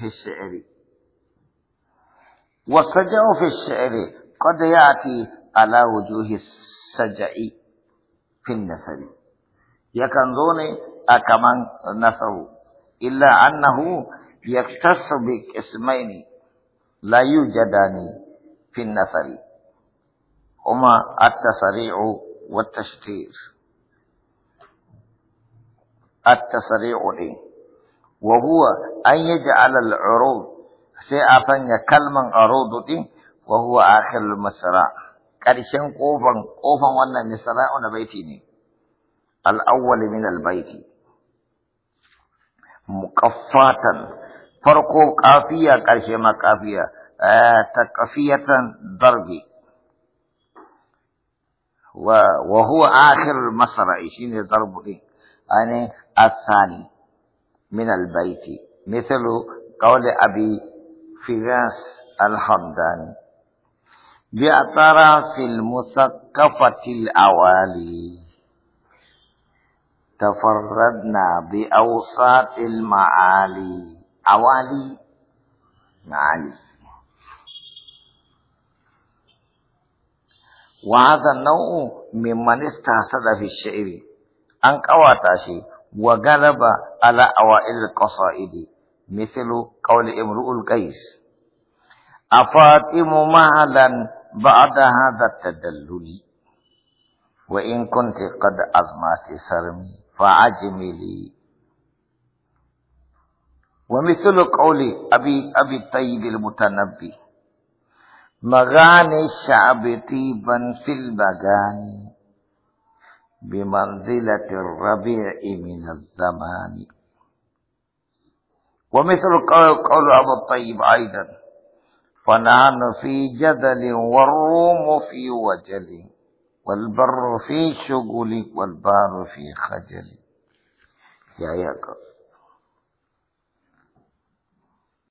في الشعر والسجع في الشعر قد يأتي على وجوه السجع في النثر يكنزون أكمن نثر إلا أنه يكتس باسمين لا يوجدان في النثر هما التسريع والتشتير التسريع وهو أن يجعل العروض سي أفن كلمة عروض وهو آخر المسرع كرشن قوفن قوفن وانا مسرع وانا الأول من البيت مكفاتا فرقو كافية كرشي ما كافية آه تكفية ضربي وهو آخر المسرع شين ضربه أنا يعني الثاني من البيت مثل قول أبي فراس الحمداني بأطراف المثقفة الأوالي تفردنا بأوساط المعالي أوالي معالي وهذا النوع ممن استحسد في الشعر أن قواتاشي وغلب على أوائل القصائد مثل قول امرؤ القيس أفاطم مهلا بعد هذا التدلل وإن كنت قد أظمأت سرمي فعجملي ومثل قول أبي أبي الطيب المتنبي مغاني الشعب طيبا في المغاني بمنزلة الربيع من الزمان ومثل قول أبو الطيب أيضا فنحن في جدل والروم في وجل والبر في شغل والبار في خجل يا يا يعقوب